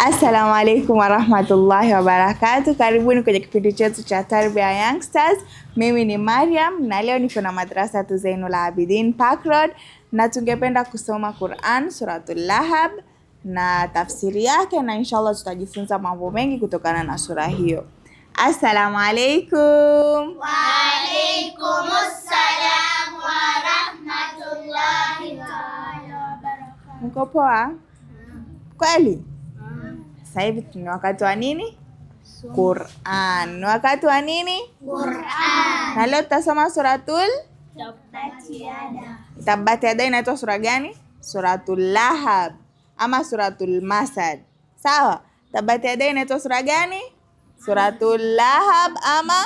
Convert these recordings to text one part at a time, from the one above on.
Assalamu alaikum warahmatullahi wabarakatu, karibuni kwenye kipindi chetu cha Tarbia Youngsters. Mimi ni Mariam na leo niko na madrasa tu Zainul Abidin Park Road, na tungependa kusoma Quran Suratul Lahab na tafsiri yake, na inshallah tutajifunza mambo mengi kutokana na sura hiyo. Assalamu alaikum. Wa alaikum assalam wa rahmatullahi wa barakatuh. Mko poa kweli? Sasa hivi ni wakati wa nini? Qur'an. Ni wakati wa nini? Qur'an. Na leo tutasoma suratul Tabbat Yada. Inaitwa sura gani? Suratul Lahab ama suratul Masad. Sawa. Tabbat Yada inaitwa sura gani? Suratul Lahab ama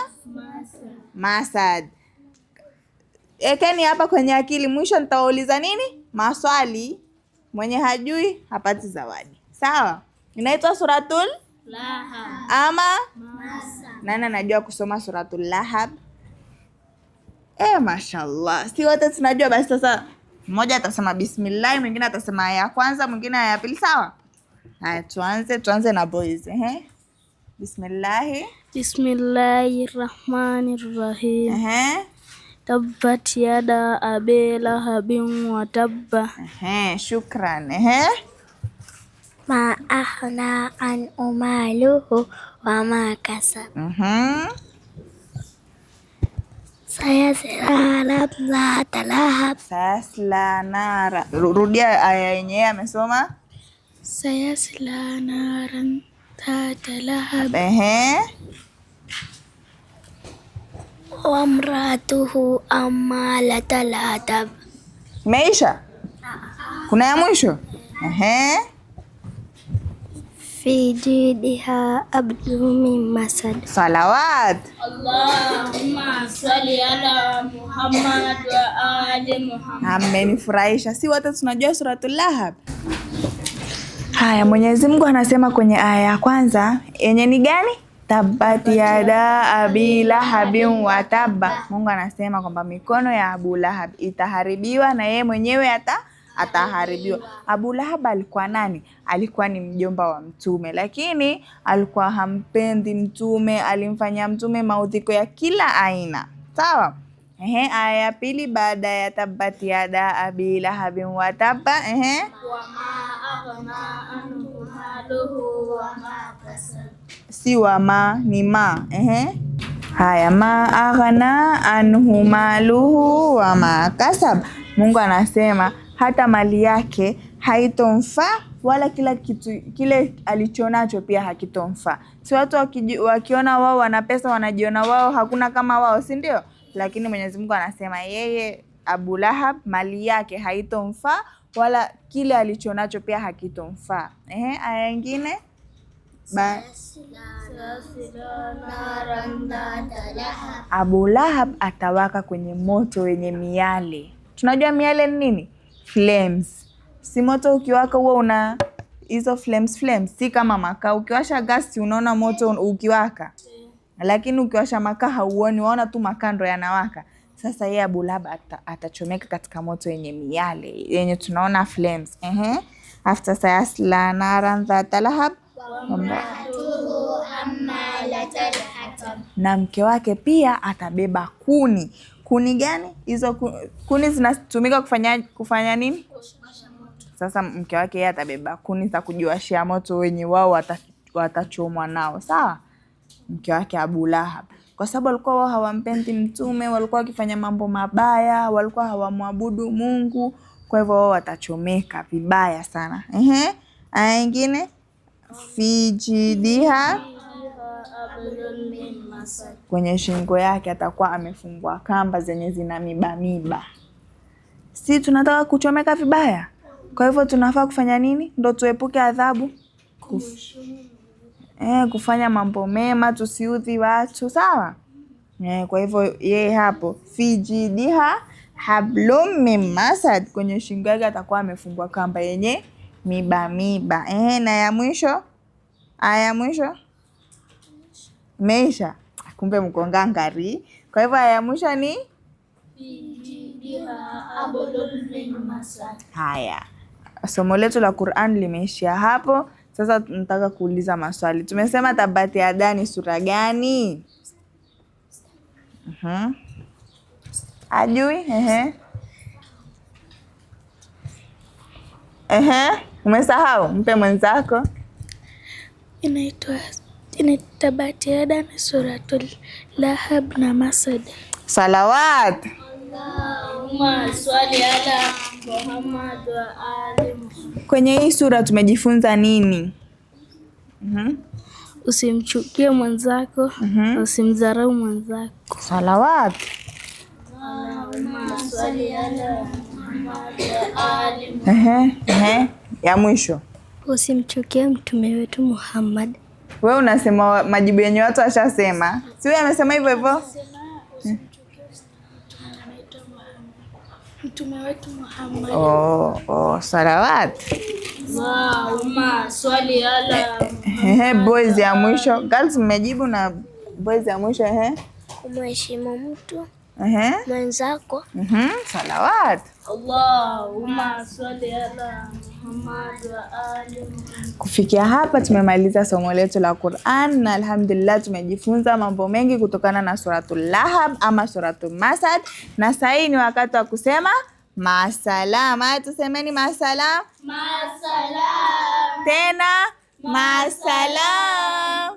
Masad. Ekeni hapa kwenye akili, mwisho nitawauliza nini? Maswali. Mwenye hajui hapati zawadi. Sawa inaitwa Suratul Lahab. Ama Masa. Nani anajua kusoma Suratul Lahab? E, mashallah, si wote tunajua. Basi sasa mmoja atasema bismillah, mwingine atasema aya ya kwanza, mwingine aya ya pili. Sawa, haya, tuanze tuanze na boys. Ehe, bismillahi bismillahi rahmani rahim. Ehe, tabbat yada abi lahabin wa tabba. Ehe, shukran. Ehe ma aghna anhu maluhu wa ma kasab. Mhm. sayasla Sayasla nara. Rudia aya yenyewe amesoma. Sayasla naran tatalahab. Ehe. Wa mraatuhu ammalatal hatab. Meisha? Kuna ya mwisho? Ehe fi abdu masad. Salawat. Allahumma salli ala Muhammad wa ali Muhammad. Amenifurahisha, si wote tunajua suratul Lahab. Haya, Mwenyezi Mungu anasema kwenye aya ya kwanza yenye ni gani? Tabbat yada abi lahabin wa tabba. Mungu anasema kwamba mikono ya Abu Lahab itaharibiwa na yeye mwenyewe ata ataharibiwa. Abu alikuwa nani? Alikuwa ni mjomba wa Mtume, lakini alikuwa hampendi Mtume, alimfanyia Mtume maudhiko ya kila aina. Sawa. Ehe, aya ya pili baada ya tabbat yada abi lahabin wa tabba. Ehe, si wa ma ni ma. Ehe, haya ma aghna anhu maluhu wa ma kasab. Mungu anasema hata mali yake haitomfaa wala kila kitu kile alichonacho pia hakitomfaa. Si watu wakiona wao wana pesa wanajiona wao hakuna kama wao, si ndio? Lakini Mwenyezi Mungu anasema yeye Abu Lahab mali yake haitomfaa wala kile alichonacho pia hakitomfaa. Ehe, aya nyingine Abu Lahab atawaka kwenye moto wenye miale. Tunajua miale ni nini? flames. Si moto ukiwaka huo una hizo flames flames, si kama makaa. Ukiwasha gasi unaona moto ukiwaka, lakini ukiwasha makaa hauoni, waona tu makaa ndo yanawaka. Sasa yeye Abulaba atachomeka katika moto yenye miale yenye tunaona flames. Ehe, after sayasla naran dhata lahab na mke wake pia atabeba kuni Kuni gani hizo? Kuni zinatumika kufanya kufanya nini? Sasa mke wake yeye atabeba kuni za kujiwashia moto, wenye wao watachomwa nao, sawa. Mke wake Abu Lahab, kwa sababu walikuwa wao hawampendi Mtume, walikuwa wakifanya mambo mabaya, walikuwa hawamwabudu Mungu, kwa hivyo wao watachomeka vibaya sana. Ehe, aya ah, nyingine fijidiha kwenye shingo yake atakuwa amefungwa kamba zenye zina miba miba. Si tunataka kuchomeka vibaya? Kwa hivyo tunafaa kufanya nini ndo tuepuke adhabu? Kuf. Eh, kufanya mambo mema, tusiudhi watu, sawa. Eh, kwa hivyo yeye hapo fijidiha hablum min masad, kwenye shingo yake atakuwa amefungwa kamba yenye miba miba. Eh, na ya mwisho aya ya mwisho meisha kumbe mkonga ngari Kwa hivyo ya mwisho ni haya. Somo letu la Qur'an limeishia hapo. Sasa nataka kuuliza maswali. Tumesema tabati ya dani sura gani? Uhum. Ajui? Ehe. Ehe. Umesahau, mpe mwenzako. Inaitwa Tinatabatiyada na Suratul Lahab na Masad. Salawat. Kwenye hii sura tumejifunza nini? Mm-hmm. Usimchukie mwenzako, mm-hmm. Usimdharau mwenzako. Salawat. Allahumma swali ala Muhammad Ya mwisho. Usimchukie mtume wetu Muhammad we unasema majibu yenye watu washasema, si wewe amesema hivyo hivyo Oh, oh, salawat Wow, swali ala. Ehe, boys ya mwisho. Girls mmejibu na boys ya mwisho ehe. Umheshimu mtu ehe mwenzako. Mhm, salawati. Allahumma swali ala Kufikia hapa tumemaliza somo letu la Quran na alhamdulillah, tumejifunza mambo mengi kutokana na suratul Lahab ama suratul Masad, na sahii ni wakati wa kusema masalam. tusemeni masalam, masalam tena, masalam.